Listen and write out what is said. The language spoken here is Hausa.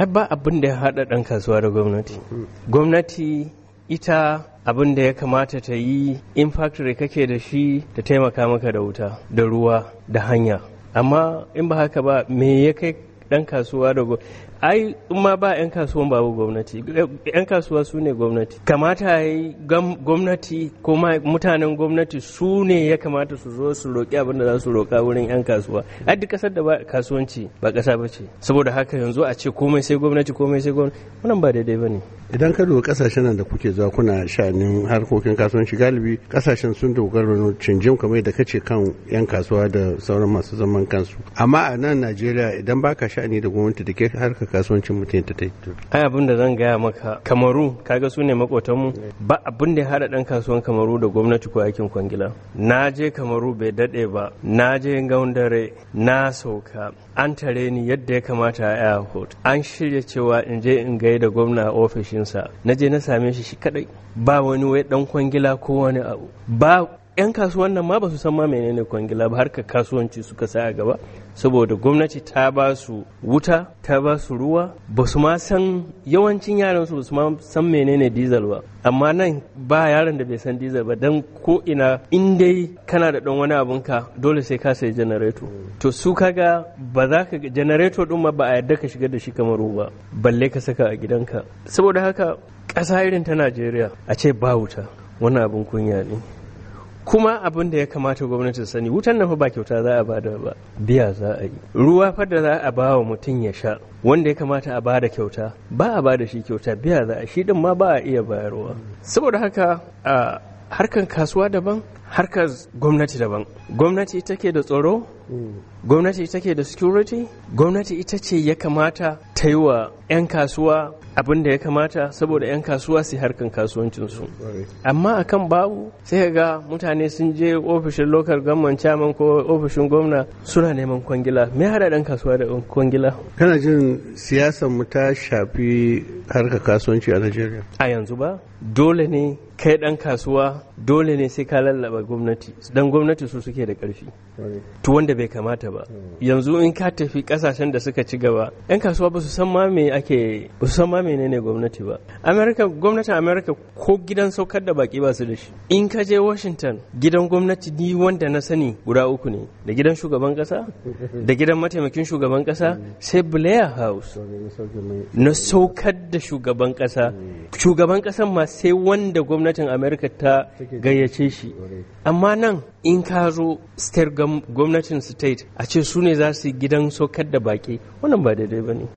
ai ba abin da ya haɗa ɗan kasuwa da gwamnati gwamnati ita abin da ya kamata ta yi in factory kake da shi ta taimaka maka da wuta da ruwa da hanya amma in ba haka ba me ya kai Ɗan kasuwa da ai in ma ba 'yan kasuwan babu gwamnati 'yan kasuwa su ne gwamnati kamata yi gwamnati ko mutanen gwamnati su ne ya kamata su zo su roƙi abin da za su roƙa wurin 'yan kasuwa a duk ƙasar da ba kasuwanci ba ƙasa ba ce saboda haka yanzu a ce komai sai gwamnati komai sai gwamnati wannan ba daidai ba ne idan ka duba kasashen da kuke zuwa kuna sha'anin harkokin kasuwanci galibi kasashen sun dogara ne canjin kamar da kace kan 'yan kasuwa da sauran masu zaman kansu amma a nan najeriya idan baka sha sha'ani da gwamnati da ke harkar kasuwancin mutum ta Ai abin da zan gaya maka Kamaru kaga su ne makotanmu ba abin da ya haɗa ɗan kasuwan Kamaru da gwamnati ko aikin kwangila. Na je Kamaru bai daɗe ba, na je Gaundare, na sauka, an tare ni yadda ya kamata a airport. An shirya cewa in je in da gwamna a ofishinsa. Na je na same shi shi kaɗai. Ba wani wai ɗan kwangila ko wani abu. Ba 'yan kasuwan nan ma ba su san ma menene kwangila ba ka kasuwanci suka sa a gaba saboda gwamnati ta ba su wuta ta ba su ruwa ba su ma san yawancin yaran su ba su ma san menene dizal ba amma nan ba yaran da bai san dizal ba don ko ina in dai kana da ɗan wani abinka dole sai ka sayi janareto to su kaga ba za ka janareto din ma ba a yadda ka shiga da shi kamar ruwa balle ka saka a gidanka saboda haka ƙasa irin ta Najeriya a ce ba wuta wani abin kunya ne kuma abin da ya kamata gwamnati sani wutan na fa ba kyauta za a bada ba biya za a yi ruwa fa da za a ba wa mutum ya sha wanda ya kamata a bada kyauta ba a bada shi kyauta biya za a shi din ma ba a iya bayarwa saboda haka a harkan kasuwa daban harkar gwamnati daban gwamnati ita ke da tsaro mm. gwamnati ita ke da security gwamnati ita ce ya kamata ta yi wa 'yan kasuwa abin da ya kamata saboda 'yan kasuwa su harkan kasuwancinsu amma a kan babu sai ga mutane sun je ofishin lokal government chairman ko ofishin gwamna suna neman kwangila me hada dan kasuwa da kwangila kana jin siyasar mu ta shafi harkar kasuwanci a Najeriya a yanzu ba dole ne kai dan kasuwa dole ne sai ka lallaba gwamnati dan gwamnati su suke da karfi to wanda bai kamata ba hmm. yanzu in ka tafi kasashen da suka ci gaba 'yan kasuwa ba su san ma me ake ba su san ma menene gwamnati ba amerika gwamnatin amerika ko gidan saukar da baki ba su da shi in ka je washington gidan gwamnati ni wanda na sani guda uku ne da gidan shugaban kasa da gidan mataimakin shugaban kasa sai blair house na saukar da shugaban kasa shugaban kasa ma sai wanda gwamnatin amerika ta gayyace shi amma nan in ka zo state gwamnatin state a ce su ne za su gidan saukar da baki wannan ba daidai ba ne